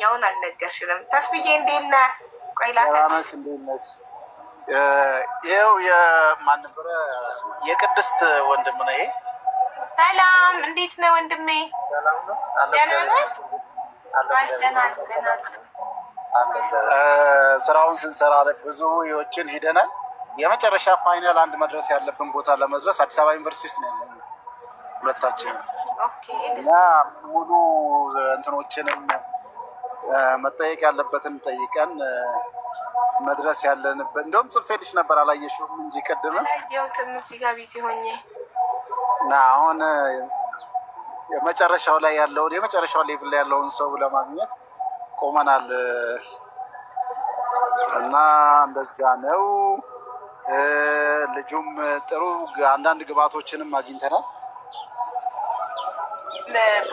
ይሄኛውን አልነገርሽንም። ተስብዬ እንዴት ነህ? ቆይ ላተናሽ እንዴት ነሽ? ይኸው የማን ነበረ የቅድስት ወንድም ነው ይሄ። ሰላም እንዴት ነህ ወንድሜ? ደህና ነህ? ስራውን ስንሰራ ብዙ ዎችን ሂደናል። የመጨረሻ ፋይናል አንድ መድረስ ያለብን ቦታ ለመድረስ አዲስ አበባ ዩኒቨርሲቲ ውስጥ ነው ያለነው ሁለታችንም እና ሙሉ እንትኖችንም መጠየቅ ያለበትን ጠይቀን መድረስ ያለንበት እንደውም ጽፌልሽ ነበር አላየሽውም እንጂ ቅድም አሁን የመጨረሻው ላይ ያለውን የመጨረሻው ሌቭል ላይ ያለውን ሰው ለማግኘት ቆመናል እና እንደዚያ ነው። ልጁም ጥሩ አንዳንድ ግብአቶችንም አግኝተናል።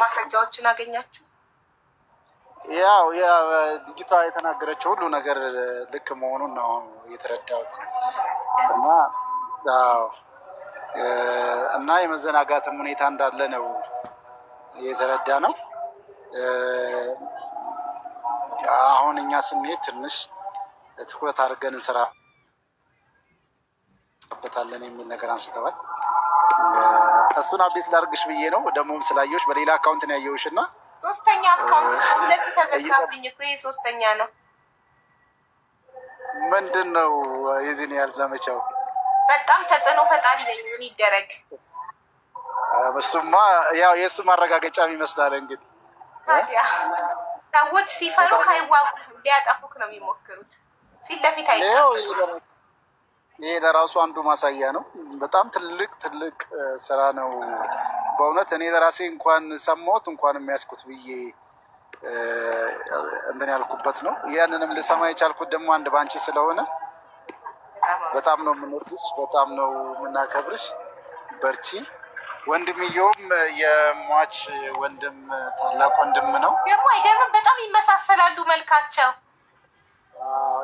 ማስረጃዎችን አገኛችሁ? ያው ልጅቷ የተናገረችው ሁሉ ነገር ልክ መሆኑን ነው የተረዳሁት እና እና የመዘናጋትም ሁኔታ እንዳለ ነው የተረዳ ነው። አሁን እኛ ስንሄድ ትንሽ ትኩረት አድርገን እንሰራበታለን የሚል ነገር አንስተዋል። እሱን አቤት ላድርግሽ ብዬ ነው። ደግሞም ስላየሁሽ በሌላ አካውንት ነው ያየሁሽ እና ሶስተኛ አካውንት ሁለት ተዘጋብኝ እኮ ይሄ ሶስተኛ ነው። ምንድን ነው የዚህን ያህል ዘመቻው? በጣም ተጽዕኖ ፈጣሪ ነኝ። ምን ይደረግ? እሱማ ያው የእሱ ማረጋገጫ ይመስላል እንግዲህ። ሰዎች ሲፈሩ ካይዋጉ ሊያጠፉክ ነው የሚሞክሩት። ፊት ለፊት አይ፣ ይሄ ለራሱ አንዱ ማሳያ ነው። በጣም ትልቅ ትልቅ ስራ ነው በእውነት እኔ ለራሴ እንኳን ሰማሁት እንኳን የሚያስኩት ብዬ እንትን ያልኩበት ነው። ያንንም ልሰማ የቻልኩት ደግሞ አንድ ባንቺ ስለሆነ በጣም ነው የምንወድሽ፣ በጣም ነው የምናከብርሽ። በርቺ። ወንድምየውም የሟች ወንድም ታላቅ ወንድም ነው ደግሞ አይገርምም? በጣም ይመሳሰላሉ መልካቸው።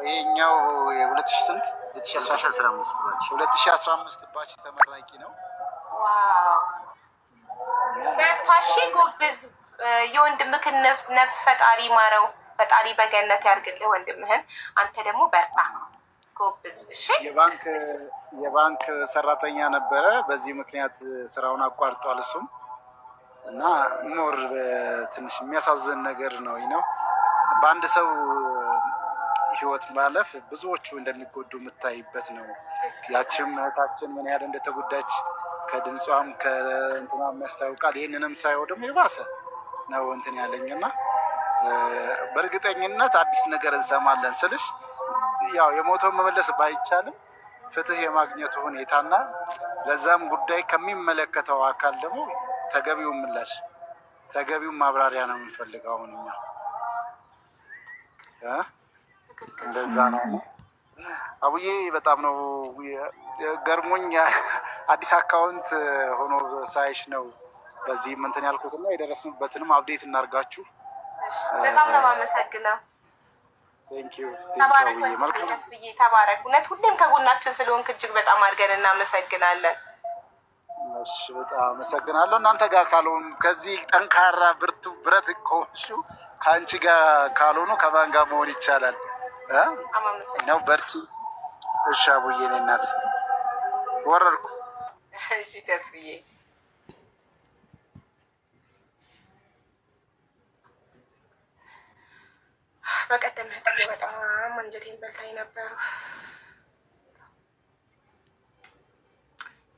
ይሄኛው የሁለት ሺህ ስንት ሁለት ሺህ አስራ አምስት ባች ተመራቂ ነው። እሺ ጎብዝ የወንድምህን ነፍስ ፈጣሪ ማረው። ፈጣሪ በገነት ያርግልህ ወንድምህን። አንተ ደግሞ በርታ ጎብዝ። እሺ የባንክ ሰራተኛ ነበረ። በዚህ ምክንያት ስራውን አቋርጧል እሱም እና ሞር ትንሽ የሚያሳዝን ነገር ነው ነው በአንድ ሰው ህይወት ማለፍ ብዙዎቹ እንደሚጎዱ የምታይበት ነው። ያችም እህታችን ምን ያህል እንደተጎዳች ከድምጿም ከእንትና የሚያስታውቃል። ይህንንም ሳየው ደግሞ የባሰ ነው እንትን ያለኝና በእርግጠኝነት አዲስ ነገር እንሰማለን ስልሽ ያው የሞተውን መመለስ ባይቻልም ፍትህ የማግኘቱ ሁኔታና ለዛም ጉዳይ ከሚመለከተው አካል ደግሞ ተገቢው ምላሽ ተገቢው ማብራሪያ ነው የምንፈልገው። አሁን እኛ እንደዛ ነው። አቡዬ በጣም ነው ገርሞኛ አዲስ አካውንት ሆኖ ሳይሽ ነው በዚህ ምንትን ያልኩትና የደረስንበትንም አብዴት እናርጋችሁ። በጣም ነው የማመሰግነው። ተባረክስብዬ ተባረክ። እውነት ሁሌም ከጎናችን ስለሆንክ እጅግ በጣም አድርገን እናመሰግናለን። በጣም አመሰግናለሁ። እናንተ ጋር ካልሆኑ ከዚህ ጠንካራ ብርቱ ብረት ከሆንሹ ከአንቺ ጋር ካልሆኑ ከማን ጋር መሆን ይቻላል ነው? በርቺ። እሺ አቡዬ፣ እኔ እናት ወረድኩ። እሺ ተስብዬ በቀደም እህትዬ በጣም አንጀቴን በልታኝ ነበሩ።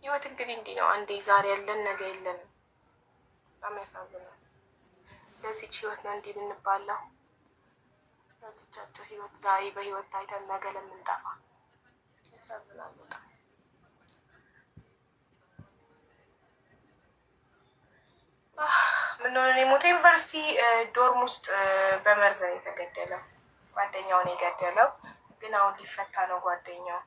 ህይወት እንግዲህ እንዲህ ነው። አንዴ ዛሬ ያለን ነገ የለን። በጣም ያሳዝናል። ለዚች ህይወት ነው እንዲህ የምንባለው። ለዚች አጭር ህይወት ዛሬ በህይወት ታይተን ነገ ለምንጠፋ ያሳዝናል በጣም ዩኒቨርሲቲ ዶርም ውስጥ በመርዝ ነው የተገደለው። ጓደኛውን የገደለው ግን አሁን ሊፈታ ነው። ጓደኛው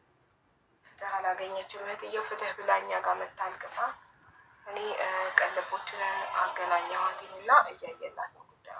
ፍትህ አላገኘችም። እህትየው ፍትህ ብላኛ ጋር መታልቅሳ እኔ ቀለቦችን አገናኘኋትኝ እና እያየላት ነው ጉዳዩ።